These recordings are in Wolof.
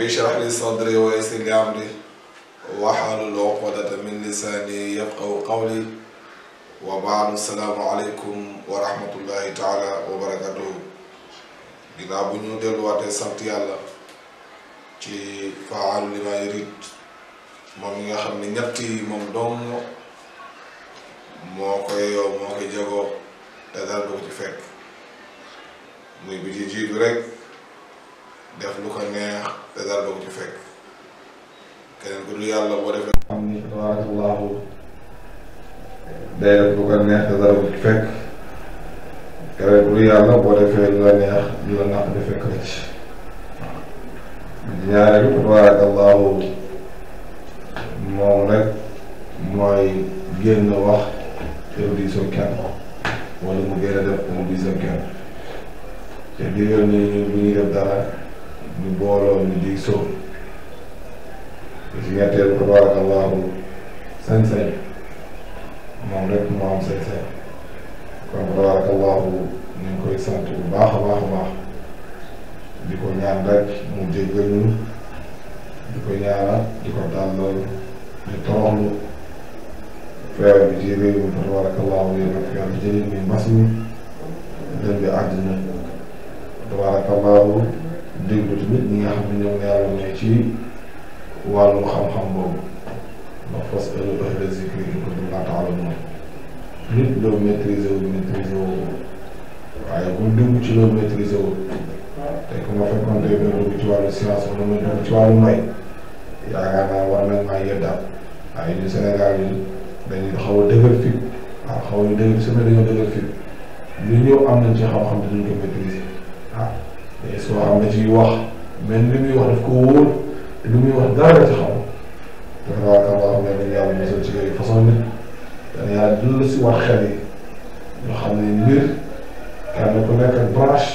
rabbi shrah li sadri wa yassir li min lisani yafqahu qawli wa baadu salaamu aleykum taala wa barakatuhu ginnaaw bu ñu delluwaatee sant ci faalu li ma yurid moom mi nga xam ne ñett yi moom dong moo koy moo koy jagoo te dara du ko bi ci jiitu def lu ko neex te dara doo ci fekk keneen ku dul yàlla boo defee am ni tabarakallahu day def lu ko neex te dara doo ci fekk keneen ku dul yàlla boo defee lu la neex lu la naq di fekk la ci ñaareel tabarakallahu moom rek mooy génn wax te du diisoo kenn wala mu génn def te mu diisoo kenn te digal ni ñu bu ñuy def dara ñu booloo ñu di sóob ci ñetteel ko tabaarakallaahu sañ-sañ moom rek moo kon ko tabaarakallaahu ñu ngi koy sant bu baax a baax a ko ñaan rek mu jéggal ñu di ko ñaanal di ko tàllal di toroxlu feebar bi ci réew mi tabaarakallaahu yéen ak feebar bi jëlee muy mbas mi dem bi àddina déglu tamit ñi nga xam ne ñoom yàlla may ci wàllu xam-xam boobu ndax fas'alu ahla zikri in kuntum laa ta'lamuun nit loo maîtriser wu maîtriser wu waaye bu dugg ci loo maîtriser wu te ku ma fekkoon tey ma dugg ci wàllu science wala ma dugg ci wàllu may yaakaar naa war nañ maa yeddaat waaye ñu Sénégal yi dañuy xaw a dëgër fit waaw xaw a dëgër su ma dañoo dëgër fit su am ci wax mais li muy wax daf ko wóor li muy wax dara la ci xam dafa ka war mel ni yàlla mosul ci yooyu façon nit dana yàlla dund si wax xel yi ñu xam ne mbir kenn ku nekk ak branche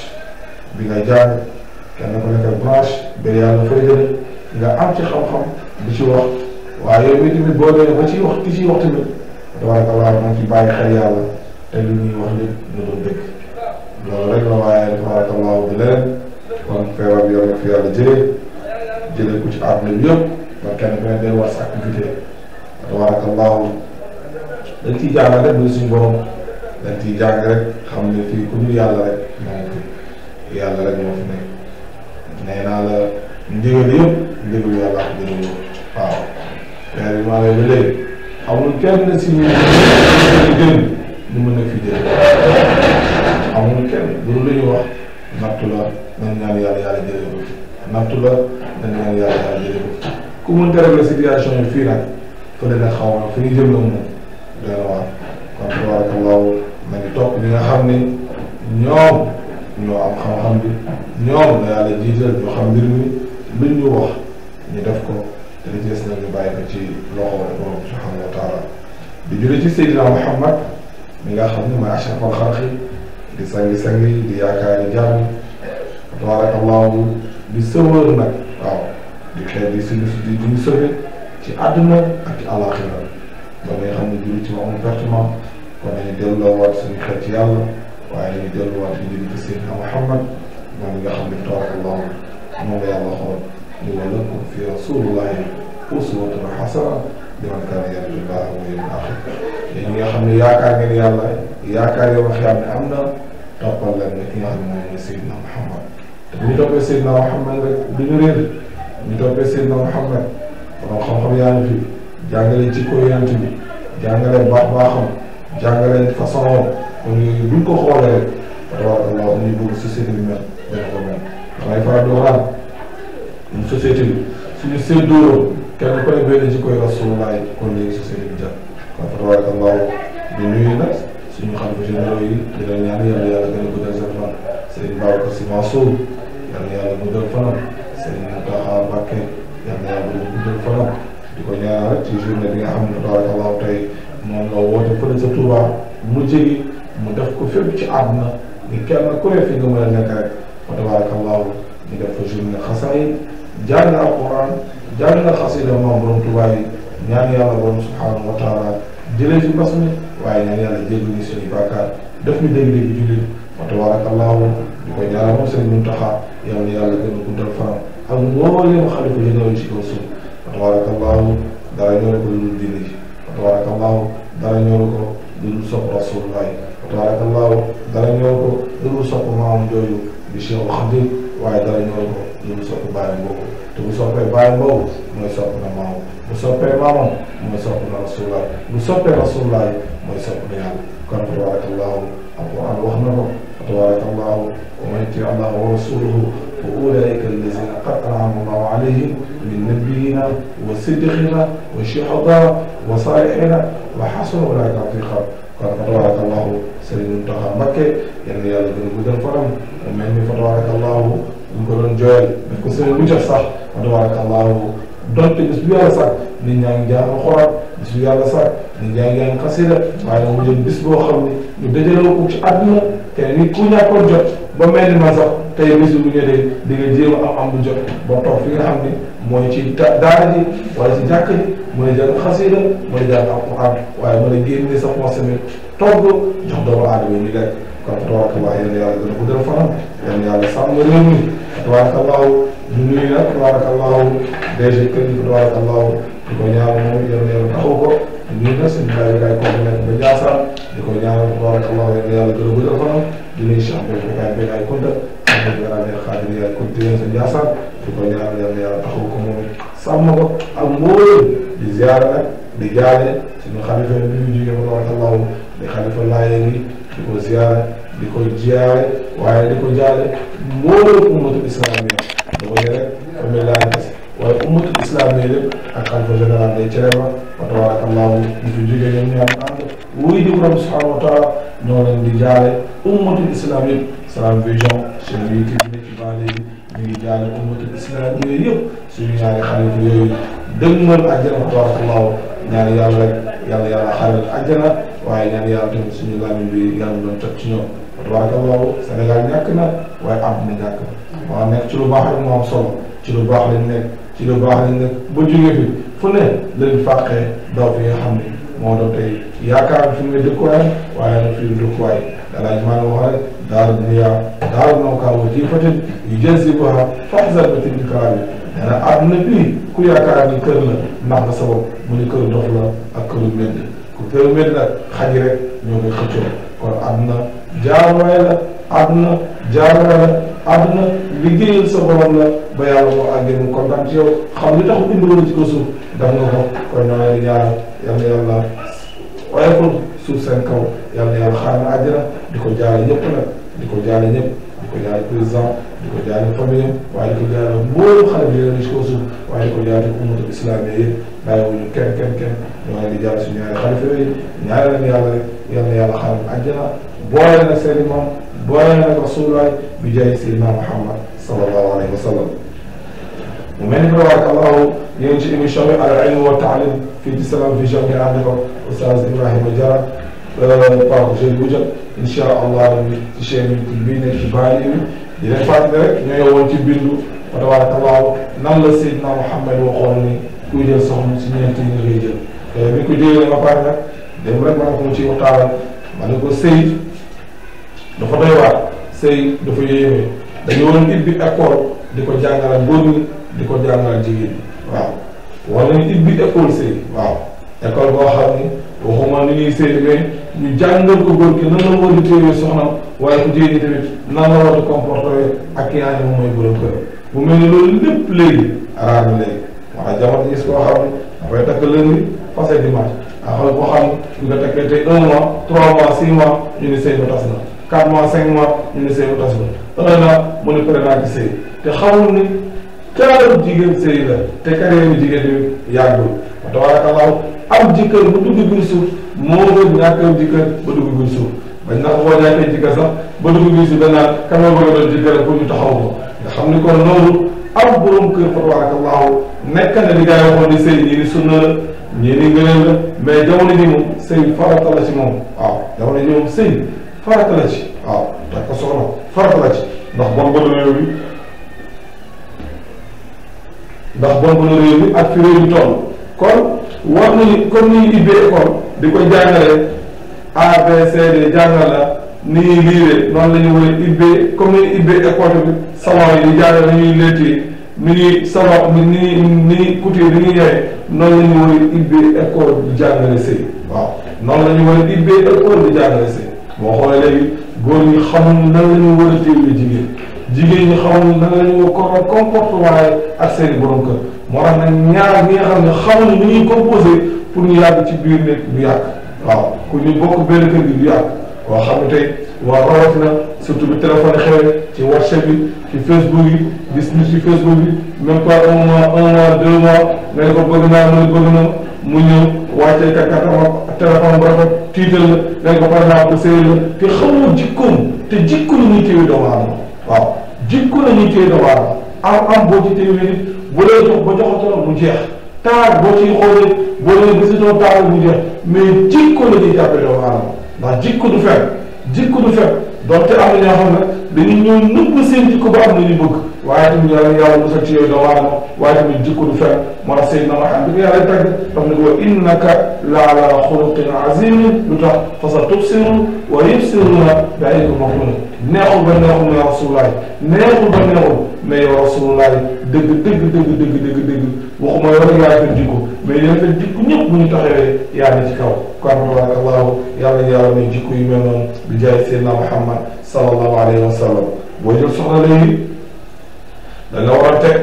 bi nga jàng kenn ku nekk ak branche bi yàlla fay jële nga am ci xam-xam di ci wax waaye yooyu tamit boo dee ba ci wax di ci wax tamit loolu rek la waaye tabarakallahu di leneen kon fi yàlla jëlee jëlee ko ci àdduna bi yëpp ba kenn ku ne day war sa activité tabarakallahu dañ ciy jàng rek muy suñu borom dañ ciy jàng rek xam ne fii ku dul yàlla rek moom moo fi nee naa la ndigal yëpp ndigal yàlla ak ndigal waaw weer bi maa lay ba léegi amul kenn si ñu gën ñu mën fi jël xamuñu kenn loolu la ñu wax nattu la nañ ñaan yàlla yàlla jëlee ko nattu la nañ ñaan yàlla yàlla jëlee ko ku mënta fii nag fële ma fi ñu jëm la waar kon tabarakallahu nañu topp li nga xam ni ñoom ñoo am xam ñoom la yàlla jiital ñu xam mbir mi luñ ñu wax ñu def ko te li des ci loxo borom subhanahu wa taala di jëlee ci Seydina Muhammad mi nga xam ne mooy ashrafal xalqi di sangi sangi di yaakaari jàmm tabaarakallaahu di sëwër nag waaw di xeet di suñu di duñu sëwe ci àdduna ak ci àllaaxira ba ngay xam ne julli ci moom pertement kon dañu delloowaat suñu xel ci yàlla waaye dañu delloowaat ñu julli ci Seydina Muhammad moom nga xam ne tabaarakallaahu moom la yàlla xool ñu wala ko fi rasuulullaahi uswatun hasana yaakaar yàlla bu baax a wéyal baax te ñi nga xam ne yaakaar ngeen yàlla yaakaar yow wax yàlla am na toppal la nga ki nga xam ne moom mooy Seydina Mouhamad te bu ñu toppee Seydina Mouhamad rek du ñu réer bu ñu toppee Seydina Mouhamad borom xam-xam yaa ngi fi jàngale ci ko yonent bi jàngale baax baaxam jàngale façon kon yooyu buñ ko xoolee rek waaw ñu bëgg société bi mel dana ko mel waaye faral di waxaan société bi suñu séddoo kenn ku ne benn jikko Rasulullah kon léegi si Serigne Dia kon fa tabarakallahu di nuyu nag suñu xam ne généraux yi di la ñaan yàlla yàlla gën a guddal seen fan Serigne Babacar Sy Mansour yàlla yàlla guddal fanam Serigne Mountakha Mbacké yàlla yàlla guddal fanam di ko ñaan rek ci journée bi nga xam ne tabarakallahu tey moom la woote fële sa Touba mu jëgi mu def ko fépp ci àdduna ni kenn ku ne fi nga mën a nekk rek fa tabarakallahu ñu def ko journée xasaay jàng alquran jàng nga xasida moom borom Tuubaa yi ñaan yàlla borom subhaanahu wa taala jëlee ci mbas mi waaye ñaan yàlla jéggi ñu suñu bàkkaar def ñu dégg-dégg wa tabaarakallaahu di ko ñaanal moom sëriñ Muntaxa yal na yàlla gën a guddal fanam ak mbooleem xalifa yi ñëw ci kaw suuf wa tabaarakallaahu dara ñoru ko lu dul diine wa tabaarakallaahu dara ñoru ko lu dul sopp rasulullahi wa tabaarakallaahu dara ñoru ko lu dul sopp maam jooju di Cheikh Xadim waaye dara ñoru ñu ngi sopp bàyyi boobu te bu soppee bàyyi boobu mooy sopp na maamam bu soppee maamam mooy sopp na rasulaay bu soppee rasulaay mooy sopp na yàlla kon tabarakallahu alquran wax na ko tabarakallahu wa man yuti allah wa rasuluhu fa ulaika allazina qad an'ama allahu alayhim min nabiyina wa siddiqina wa shuhada wa salihina wa xasuna ulaika rafiqa kon fa tabarakallahu Sëriñ Muntaxa Mbakke yal na yàlla gën a guddal fanam mu mel ni fa tabarakallahu ñu ko doon jooyal def ko seen a sax wa tabarakallahu donte bis a yàlla sax nit ñaa ngi jàng alxuraan bis bu yàlla sax nit ñaa ngi jàng xasida waaye mu jël bis boo xam ne ñu dajaloo ko ci àdduna te ni ku ñàkkoon jot ba mel ni man sax tey bis bu ñëwee jéem a am am bu jot ba toog fi nga xam ne mooy ci daara ji wala ci jàkk ji mën a jàng xasida mën a jàng alxuraan waaye mën a génne sa poche tamit togg jox doomu aadama ñu lekk kon tabaraka yàlla yàlla dana ko gën a tabaarakallaahu di nuyu nag tabaarakallaahu DG Kër yi tabaarakallaahu ko ñaanal moom yal na yàlla taxaw ko di nuyu nag suñu daay daay ko nekk ba Ndiassane di ko ñaanal tabaarakallaahu yal na yàlla gën a guddal fanam di nuyu Cheikh Mbaye Fakaay Mbaye Laay Kunta am na garaadeel xaadim yaay Kunta yéen sa Ndiassane ko ñaanal yal na yàlla taxaw ko moom sàmm ko ak mbooleem di ziara nag di jaale suñu xalifa bi ñu jógee tabaarakallaahu di xalifa laayee ni di ko ziara di ko jaale waaye di ko jaale mboolem ummatul islamiya da ko rek famille laa des waaye ummatul islamiya yëpp ak xalifa général day Thiénaba wa tabarakallahu ñu fi jógee ñoom ñu am ànd wuy di borom subhanahu wa taala ñoo leen di jaale ummatul islam yëpp Salam Vision chaîne yi ci nekk ci baale yi ñu ngi jaale ummatul islamiya yëpp suñu ñaari xalifa yooyu dëgmal àjjana tabarakallahu ñaan yàlla rek yàlla yàlla xaral àjjana waaye ñaan yàlla tamit suñu làmmiñ bi yàlla doon toj ci ñoom tabaarakallaahu Sénégal ñàkk na waaye àdduna ñàkk na waaw nekk ci lu baax rek moo am solo ci lu baax lañ nekk ci lu baax lañ nekk ba jógee fi fu ne lañ fàqee daw fi nga xam ne moo doon tey yaakaar fi mu ne dëkkuwaay waaye nag fi mu dëkkuwaay dalaa ji maanaam wax rek daaru dunya daaru nookaa wa jiifatin yujazibuhaa fahzar bi tilkaabi nee bii ku yaakaar ni kër la ndax nga sabab mu ni kër dox la ak këru mbedd ku këru mbedd nag xaj rek ñoo koy xëccoo kon àdduna jaaruwaay la àdduna jaaruwaay la àdduna liggéeyal sa borom la ba yàlla moo àggee mu kontaan ci yow xam li tax bindu la ko ko kon naa leen yal na yàlla oyofal suuf seen yal na yàlla xaaral àjjana di ko jaale ñëpp nag di ko jaale ñëpp di ko jaale président di ko waaye di ko jaale mboolem bi yéen a ko suuf waaye di ko jaale ummatu islamiyya yëpp bàyyiwuñu kenn kenn kenn di jaale suñu ñaari xalifa yooyu ñaareel ak yàlla boole na seen i moom boole na rasulaay bi jaay Seydina Muhammad sallallahu alayhi wa sallam mu mel ni tabaraka allahu yéen ci émission bi al taalim fii ci Salam Vision ngeen ànd ko Oustaz Ibrahima Diarra euh, par jeudi bu jot incha allah ci chaîne bii nekk ci di leen fàttali rek ñoo yowoon ci bindu wa tabaraka allahu Muhammad waxoon ni kuy jël soxna ci ñeenti yi nga koy jël bi ñu ko jëlee ba pare nag dem rek ma ne ko mu ciy waxtaanal ma ne ko dafa doy waar sëy dafa yéeme dañu waroon ibbi école di ko jàngalal góor ñi di ko jàngalal jigéen ñi waaw war nañu ibbi école sëy waaw école boo xam ni waxuma ni ñuy sëy mais ñu jàngal ko góor ki nan la war di téye soxna waaye ku jigéen ñi nan la war di comporter ak ki nga xam ne moom mooy bu mel loolu lépp léegi arabe léegi waaye jamono gis koo xam ne dafay takk lundi passé dimanche a xool koo xam nga ñu ni sëy ba tas 4 mois 5 mois ñu ne sëy bu tas ba un an naa ci sëy te xamul ni carrément jigéen sëy la te carrément jigéen bi yàggul wa tabaarakallaahu am jëkkër bu dugg biir suuf moo gën ñàkk am jëkkër ba dugg biir suuf bañ na ko boo ñàkkee jëkkër sax ba dugg biir suuf danaa kan moo bëgg a doon jëkkër pour ñu taxaw ko xam ni kon loolu am borom kër fa tabaarakallaahu nekk na li gars yi waxoon ni sëy ñii ni sunna la ni ji moom sëy farata la ci moom waaw jamono ji moom sëy farata la ci waaw takk ko soxna farata la ci ndax bon bonu réew mi ndax bon bonu réew mi ak fi réew mi kon war nañu comme ni di ko jàngale ABCD jàngal la ni ñuy ni ñuy ubbee école bi savon yi di jàngale ni ñuy léttee ni ñuy savon ni ñuy ni ni ñuy yore noonu la ñu war a ubbee école bi jàngale sëy waaw noonu la ñu war a ubbee boo xoolee léegi góor ñi xamul nan la ñu war a jëlee jigéen jigéen ñi xamul nan la ñu war a comportement ak seen borom kër moo tax nag ñaar ñi nga xam ne xamul ni ñuy composé pour ñu yàgg ci biir nekk du yàgg waaw ku ñu bokk benn kër gi du yàgg koo xam ne tey waaw rawatina surtout bi téléphone xewee ci WhatsApp bi ci Facebook yi gis ci Facebook bi même ko bëgg naa mu ne bëgg na mu ñëw wàccee ka katama téléphone bu rafet tiital la nga ne ko par exemple séeréer la te xamoo jikkoom te jikko a ñuy téye doomu aadama waaw jikko la ñuy téye doomu am am boo ci téye nit bu lay jox mu jeex taar boo ciy xoolee boo leen gisatoo taar mu jeex mais jikko la ñuy jàppee doomu aadama ndax jikko du fenn jikko du fépp donte am na ñoo xam ne dañuy ñëw nëbb seen jikko ba am na ñu bëgg waaye tamit yàlla yàlla musal ci yooyu doomu aadama waaye tamit jikko du fépp moo tax Seydina Muhammad bi ko yàlla tagg daf ne ko innaka la ala xuluqin azim lu tax fa sa tubsiru wa yubsiruuna bi ayyikum maftuun neexul ba neexul ya rasulullaah neexul ba neexul mais yow rasulullaah dëgg dëgg dëgg dëgg dëgg dëgg waxuma i yaa ngi jikko mais yéen a jikko ñëpp bu ñu taxawee yaa ngi ci kaw kon tabaraka allahu yàlla yàlla ne jikko yu mel noonu bi jaay seydna Muhammad sallallahu alayhi wa sallam boo jël soxna la da nga a teg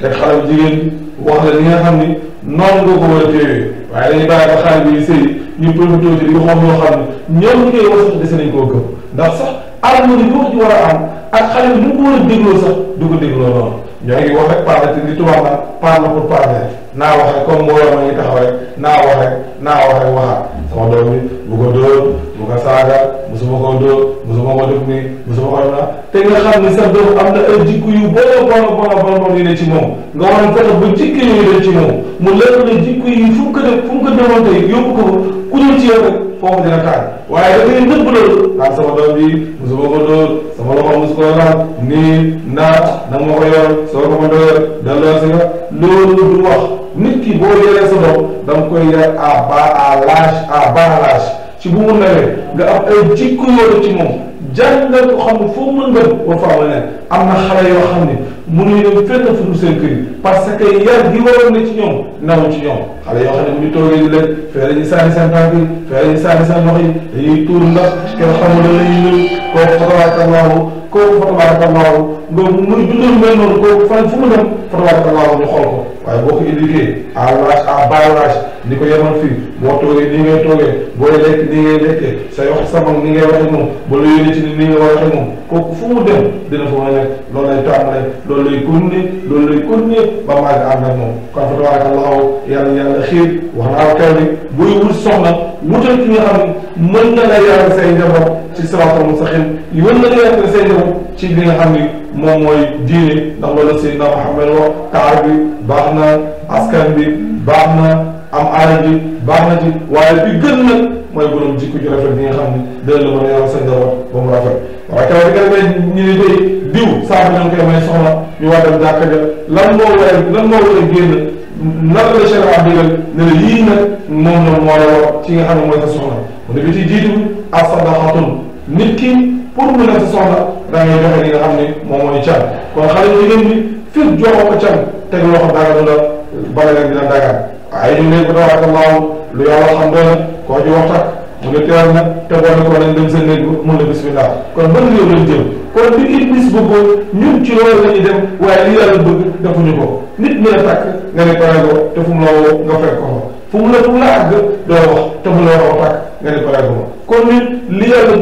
teg xale bu jigéen wax la li xam ni noonu nga ko war a téewee waaye dañuy xale bi sëy ñu profité ci li nga xam yoo xam ne ñoom ñi koy wax sax dese nañ ko gëm ndax sax arme ni wax a am ak xale a dégloo ñoo ngi wax ak parle li tubaab naan parle pour parler naa wax rek comme ma ngi taxaw rek naa wax rek naa wax rek waxaat sama doom bi bu ko dóor bu ko saaga musuma ko dóor musuma ko def nii musuma te nga xam ne sa doom am na ay jikko yu bon bon bon bon bon yu ne ci moom nga war a fexe ba jikko yooyu ne ci ko ci yow foofu dina taal waaye da ngay nëbb loolu naan sama doom bi musuma ko dóor sama loxo mus naat na ma ko yor soo ko ma si nga loolu du wax nit ki boo yoree sa doom da nga koy yar à bas à l'âge à bas l'âge ci bu mu nawee nga am ci moom jàngal ko xam ne foo mën nga ba faaw ne am na xale yoo xam ne mënuñu dem fenn fu dul seen parce que yar gi waroon na ci ñoom naw ci ñoom xale yoo xam ne bu ñu toogee di lekk fee la ñuy sànni seen tànk yi fee la ñuy sànni seen yi tuur ndax kenn xamul la ñuy ñëw kooku fatabarakallahu kooku fatabarakallahu nga muy dundal mel noonu kooku fan fu mu dem fatabarakallahu ñu xool ko waaye boo ko éduqué à l'âge à bas âge ni ko yemal fii boo toogee nii ngay toogee booy lekk nii ngay lekkee say wax sama ni ngay waxee moom ba la ci ni nii ngay waxee moom kooku fu dem dina fa mën a nekk loolu lay tàmbalee loolu lay ba màgg ànd ak moom kon fa tabarakallahu yàlla yàlla xiir wax naa kaw ni buy wut wutal ci nga xam mën na la yàlla say njaboot ci siraatal mustaqim mën na la yàlla say njaboot ci li nga xam ni moom mooy diine ndax loolu Seydina Muhammad wax taar bi baax na askan bi baax na am alal ji baax na ci waaye bi gën nag mooy borom jikko ju rafet bi nga xam ni dina la mën a yàlla sa njaboot ba mu rafet waaye keroog nga demee ñu ne tey diw saako ñu may soxna ñu war dem jàkka ja lan a lan moo war a génn nan la charia digal ne la yii nag moom la moo la wax ci a xam ne mooy sa bi ki pour mu nekk si soxla da ngay joxe li nga xam ne moom mooy can kon xale jigéen bi fii joxoo ko can teg loxo dara du la bale rek dina dagaan waaye ñu ne ko a allahu lu yàlla xam doone koo ci mu ne teewal na te war na ko nañ dem seen néeg mun na bismillah kon ban réew lañ kon li iblis bëggoon ñun ci loolu la ñuy dem waaye li yàlla bëgg defuñu ko nit ñi la takk nga ne pare ko te fu mu la woo nga fekk ko fu mu la fu mu la àgg doo te mu la war a takk nga ko kon nit li yàlla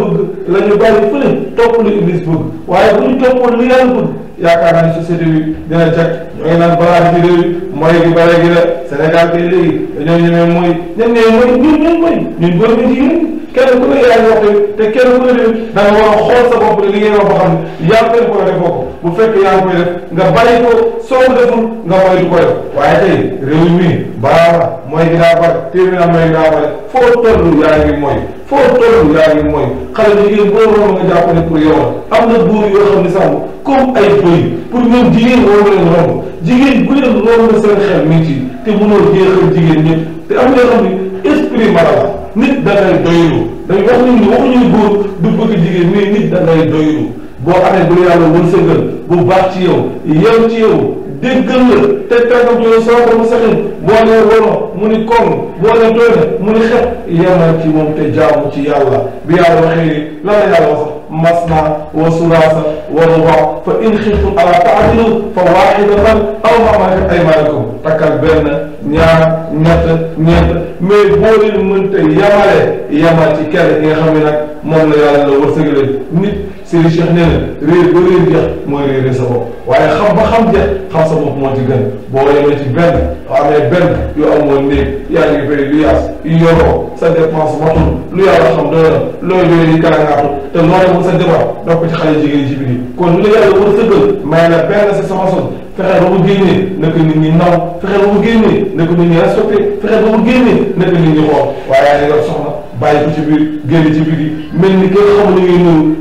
la ñu bàyyi fële topp lu iblis bëgg waaye bu ñu toppoon lu yàlla bëgg yaakaar naa ne société bi dina jag ñu ngi naan balaa ci réew mooy gi bare gi la Sénégal kay léegi dañoo ñemee mooy ñun nee mooy ñun ñun mooy ñun góor ñi jigéen kenn ku ne yaay wax te kenn ku ne da nga war a xool sa bopp li ngay wax boo xam ne yaa ngi koy def bopp bu fekkee yaa ngi koy def nga bàyyi ko soo ko deful nga mooy du ko def waaye tey réew mi baax mooy gi daa bare téeméer naa mooy gi daa bare foo toll yaa ngi mooy foo toll yaa ngi mooy xale jigéen boo nga jàpp ne pour yow am na buur yoo xam ne sax comme ay bëri pour ñoom jigéen woo leen romb jigéen bu leen romb seen xel métti te mënoo jeexal jigéen ñëpp te am na yoo xam ne esprit mala nit da ngay doylu dañ wax ni ni waxuñu góor du bëgg jigéen mais nit da ngay doylu boo amee bu yàlla wërsëgal bu baax ci yow yow ci yow déggal la te tàggam jooyu soo ko mu saxin boo nee wono mu ni koŋ boo nee doy na mu ni xet yemal ci moom te jaamu ci yàlla bi yàlla waxee lan la yàlla مثنى وثلاثة ورباع فإن خفتم ألا تعدلوا فواحدة أو ما ملكت أيمانكم takkal benn ñaar ñett ñeent mais boo leen mënta yemale yemal ci kenn ki nga xam ne nag moom la yàlla la wërsëgale nit Serigne Cheikh nee na réer ba réer jeex mooy réeré sa bopp waaye xam ba xam jeex xam sa moo ci gën boo yemee ci benn amee benn yoo amoon néeg yaa ngi fay lu yaas yoroo sa dépense matul lu yàlla xam doy na loo yore yi gàllankaatu te loolee moom sa jabar dox ko ci xale jigéen ci lu la yàlla war a sëgal may la benn sa sama son fexe ba mu génnee na ko nit ñi naw fexe ba mu génnee na ko nit ñi respecté fexe ba mu génnee na bàyyi ko ci biir génn ci biir yi mel ni kenn xamul ni ngay nuyu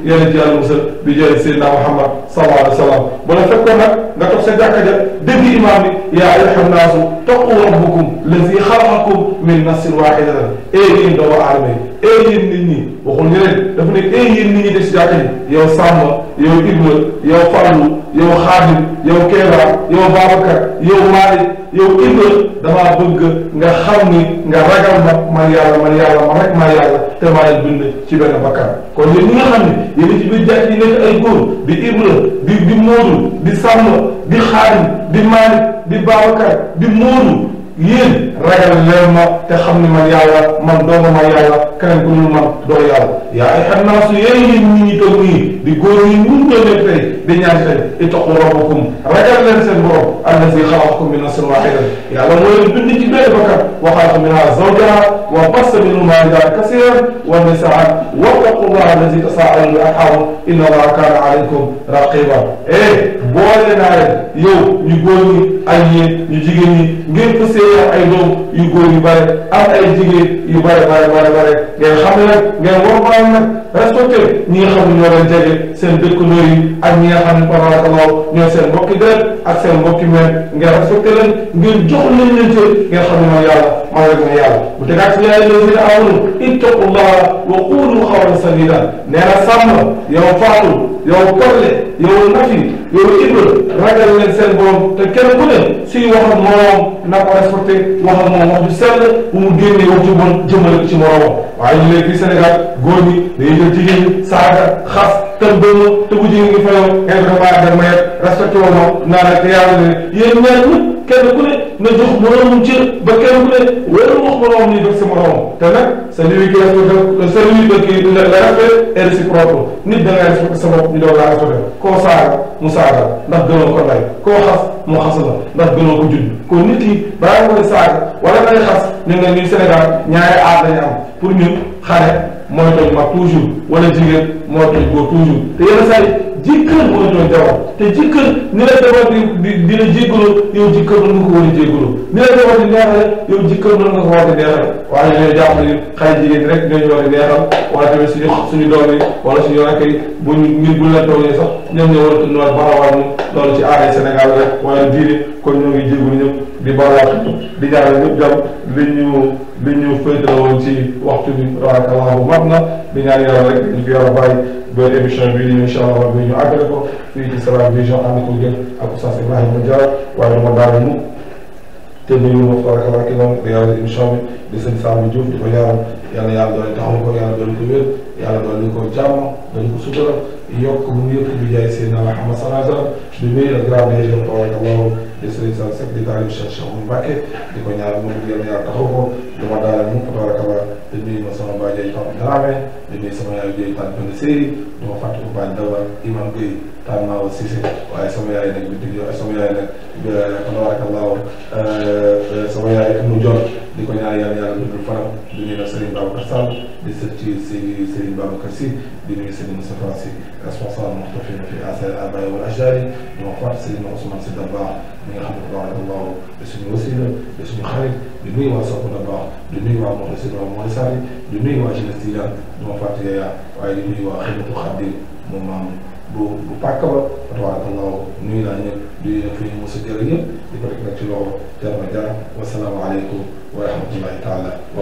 bi jëlee Seydina Muhammad sallallahu alayhi wa sallam bu la fekkoon nag nga toog sa jàkka ja dégg imaam bi yaa ayyuhan naasu taqu rabbakum lazi xalaqakum min nafsin waahidatin ee yéen doomu aadama yi ee yéen nit ñi waxul yow Samba yow Ibra yow Fallou yow Xaadim yow Kéba yow Babacar yow Malick yow Ibra damaa bëgg nga xam ni nga ragal ma man yàlla man yàlla man rek man yàlla te maa leen bind ci benn bakkan kon yéen ñi nga xam ne yéen ci biir ay góor di Ibra di di di Samba di Xaadim di Maalik di Babacar di Moodu yéen ragal leen ma te xam ne man yàlla man doomu ma yàlla keneen ku dul man doo yàlla yaa ay xam naa su yéen yéen ñi ñu toog nii di góor ñi mun doon leen tey di ñaan tey ittaqu rabbakum ragal leen seen borom allazi xalaqakum min nafsin waahida yàlla moo leen bind ci benn bakkan wa xalaqa minhaa zawjahaa wa bassa minhumaa rijaalan kasiiran wa nisaa wattaqu llaaha allazi tasaaءaluuna bihi wal arham inna llaaha kaana alaykum raqiiba eh boole naa leen yow ñu góor ñi ak yéen ñu jigéen ñi ngeen ngay am ay doom yu góor yu bare am ay jigéen yu bare bare bare bare ngeen xam ne nag ngeen war maanaam nag respecté ñi nga xam ne ñoo leen jege seen dëkkandoo yi ak ñi nga xam ne tabarakallah ñoo seen mbokki ak seen mbokki meen ngeen respecté leen ngeen jox leen leen cër ngeen xam ne mooy maaleykum yàlla bu tegaat yaa allazina amanu ittaqullaha wa qulu qawlan sadida nee na sàmm yow Fatou yow Korle yow Nafi yow Ibra ragal leen seen borom te kenn ku ne wax ak moroom na ko respecté wax ak moom wax ju sell bu mu génnee wax ju bon jëmale ci moroomam waaye ñu fii Sénégal góor ñi dañuy jël jigéen ñi saaga xas te bu jigéen ñi fayoo indi repas ak mayet respecté woon naa te yàlla ne yéen ñaar ñëpp kenn ku na jox moroomam cër ba kenn ku ne wéeru wax moroom ni def si moroom te nag celui qui respecte celui qui le respecte est réciproque nit da ngay respecté sa bopp ñu doog laa respecté koo saaga mu saaga ndax gënoo ko lay koo xas mu xas la ndax gënoo ko judd kon nit yi balaa nga koy saaga wala ngay xas ñu nga ñuy Sénégal ñaari aar dañu am pour ñun xale mooy toj mag toujours wala jigéen mooy toj góor toujours te yenn saa jikkër moo ñoo jaww te jikkër ni la jabar di di di yow jikkër mën nga ko war a jéggaloo ni la jabar di neexale yow jikkër mën nga ko war a neexale waaye ñooy jàpp ni xale jigéen rek ñoo ñu war a neexal wala tamit suñu suñu doom yi wala suñu rakk yi buñu nit buñ la toogee sax ñoom ñoo war a tunduwaat baxawaa moom loolu ci aaday Sénégal rek wala diine kon ñoo ngi jéggalu ñëpp di balaatu di ñaanal ñëpp jàmm li ñu li ñu féetale woon ci waxtu bi tabarakallah bu mat na di ñaan yàlla rek ñu fi yàlla bàyyi ba émission bii nii incha allah bi ñu àggale ko fii ci Salam Vision ànd ko jël ak Oustaz Ibrahima Diarra waaye dama daal mu te nuyu ma tabarakallah ki moom di yàlla émission bi di sëñ Samba Diouf di ko ñaanal yàlla yàlla doon taxaw ko yàlla doon ko wér yàlla doon ko jàmm doon ko sutura yokk mu yëpp bi jaay seen Muhammad sallallahu alayhi wa sallam di nuyu ak grand di Serigne Sall Seck di taalibu Cheikh Cheikh Oumar Mbacké di ko ñaar moom di leen ñaar taxaw ko di ma daal mu tabaarakalla di nuyu ma sama baay Jaay Pape Dramé di nuyu sama yaay Jaay Tane Penda Seyri di ma fàttali ko bañ Dawa Imam Gueye Tane Mawa Cissé waaye sama yaay nag bi di sama yaay nag tabaarakalla sama yaay mu jot di ko ñaan yàlla yàlla dundal faram di nuyu Serigne Babacar Sall di sët ci Serigne Serigne Babacar Sy di nuyu Serigne Moustapha Sy responsable muxtafin fi asar abaay wal ajdari di ma faat Serigne Ousmane Sy Dabakh mi nga xam ne tabarakallahu di suñu wasila di suñu xarit di nuyu waa Sopp Dabakh di nuyu waa Moussa Sy waa Moussa Sall di nuyu waa Jeunesse Tidiane di ma faat Yaya waaye di nuyu waa Xidmatu Xaadim moom maam du du pàkk ba waaw waaw nuyu naa ñëpp di nuyu fu ñu mos a di ko def nag ci loolu jërë nga jërë wasalaamaaleykum taala wa